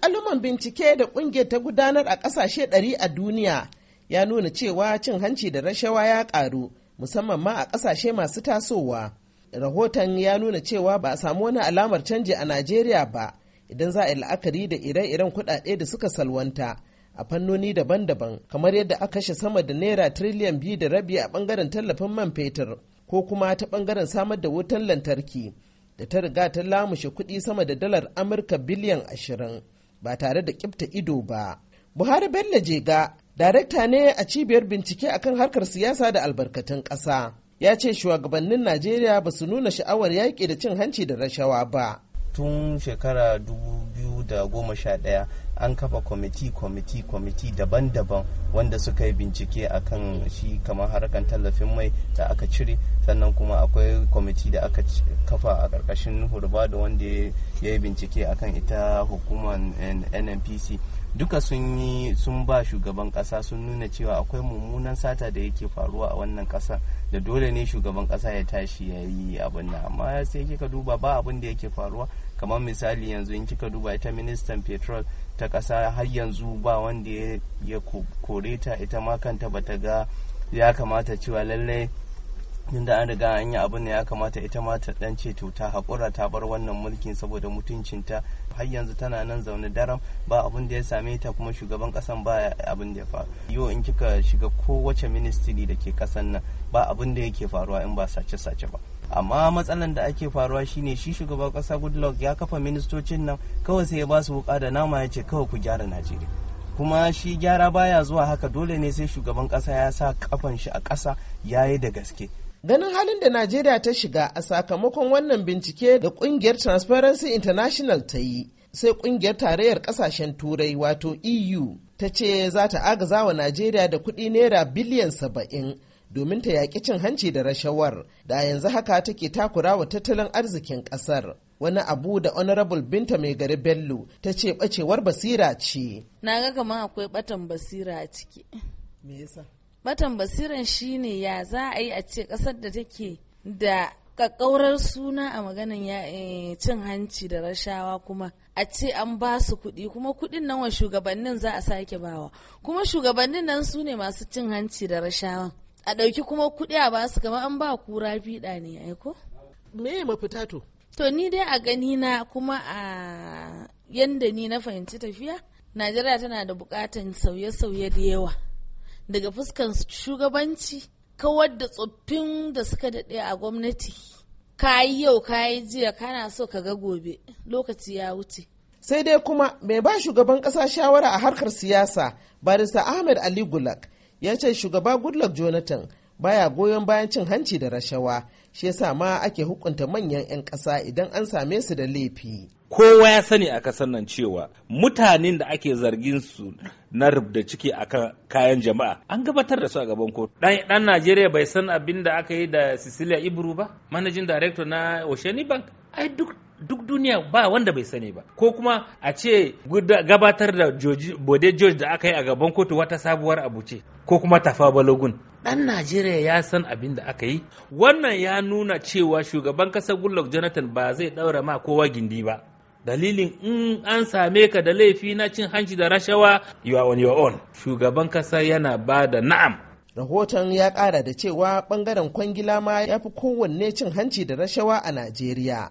alƙaluman bincike da ƙungiyar ta gudanar a ƙasashe ɗari a duniya ya nuna cewa cin hanci da rashawa ya ƙaru musamman ma a ƙasashe masu tasowa. Rahoton ya nuna cewa ba a samu wani alamar canji a Najeriya ba idan za a yi la'akari da ire-iren kuɗaɗe da suka salwanta a fannoni daban-daban kamar yadda aka kashe sama da naira tiriliyan biyu da rabi a ɓangaren tallafin man fetur ko kuma ta ɓangaren samar da wutan lantarki. da ta riga ta lamushe kuɗi sama da dalar amurka biliyan ashirin ba tare da kibta ido ba. Buhari Bello Jega, darekta ne a cibiyar bincike akan harkar siyasa da albarkatun ƙasa. Ya ce shugabannin Najeriya ba su nuna sha'awar yaƙi da cin hanci da rashawa ba. Tun shekara dubu da goma sha ɗaya an kafa kwamiti kwamiti kwamiti daban-daban wanda suka yi bincike a kan shi kamar harkar tallafin mai da aka cire sannan kuma akwai kwamiti da aka kafa a ƙarƙashin hurba da wanda ya yi bincike a kan ita hukumar nnpc duka sun yi sun ba shugaban kasa sun nuna cewa akwai mummunan sata da yake faruwa a wannan kasa da dole ne shugaban kasa ya tashi ya yi abin nan amma sai kika duba ba abin da yake faruwa kamar misali yanzu in kika duba ita ministan petrol ta kasa har yanzu ba wanda ya kore ta ita ma kanta bata ga ya kamata cewa lallai inda an riga an yi abin da ya kamata ita ma ta dan ce to ta hakura ta bar wannan mulkin saboda mutuncinta har yanzu tana nan zaune daram ba abin da ya same ta kuma shugaban kasan ba abin da ya faru yau in kika shiga kowace ministry da ke kasan nan ba abin da yake faruwa in ba sace-sace ba amma matsalan da ake faruwa shine shi shugaban kasa goodluck ya kafa ministocin nan kawai sai ya ba su wuka da nama ya ce kawai ku gyara najeriya kuma shi gyara baya zuwa haka dole ne sai shugaban kasa ya sa kafan shi a kasa ya yi da gaske ganin halin da najeriya ta shiga a sakamakon wannan bincike da kungiyar transparency international ta yi sai kungiyar tarayyar kasashen turai wato eu ta ce za ta agaza wa najeriya da kuɗi naira biliyan saba'in domin ta yaƙi cin hanci da rashawar da a yanzu haka take takura wa tattalin arzikin ƙasar. Wani abu da Honorable Binta Mai Gari Bello ta ce ɓacewar basira ce. Na ga kamar akwai ɓatan basira a ciki. Ɓatan basiran shine ya za a yi a ce ƙasar da take da kakkaurar suna a maganin ya eh, cin hanci da rashawa kuma a ce an ba su kuɗi kuma kuɗin nan wa shugabannin za a sake bawa kuma shugabannin nan su ne masu cin hanci da rashawa. a ɗauki kuma kuɗi a ba su kamar an ba kura fiɗa ne aiko. Me mafita to? To ni dai a gani na kuma a yanda ni na fahimci tafiya, Najeriya tana da buƙatan sauye-sauye da yawa. Daga fuskan shugabanci, kawar da tsoffin da suka daɗe a gwamnati. ka yi yau ka yi jiya kana so ka ga gobe lokaci ya wuce. Sai dai kuma mai ba shugaban ƙasa shawara a harkar siyasa barista Ahmed Ali Gulak ya ce shugaba goodluck jonathan baya goyon bayan cin hanci da rashawa shi yasa ma ake hukunta manyan 'yan ƙasa idan an same su da laifi kowa ya sani a kasar nan cewa mutanen da ake zargin su na rubda ciki a kayan jama'a an gabatar da su a gaban kotu dan Najeriya bai san abin da aka yi da Cecilia Ibru ba manajin director na Oceanic Bank ai duk duk duniya ba wanda bai sani ba ko kuma a ce gabatar da bode george da aka yi a gaban kotu wata sabuwar abu ce ko kuma tafa balogun dan najeriya ya san abin da aka yi wannan ya nuna cewa shugaban kasa goodluck jonathan ba zai daura ma kowa gindi ba dalilin in an same ka da laifi na cin hanci da rashawa you are on shugaban kasa yana ba da na'am rahoton ya kara da cewa bangaren kwangila ma ya fi kowanne cin hanci da rashawa a najeriya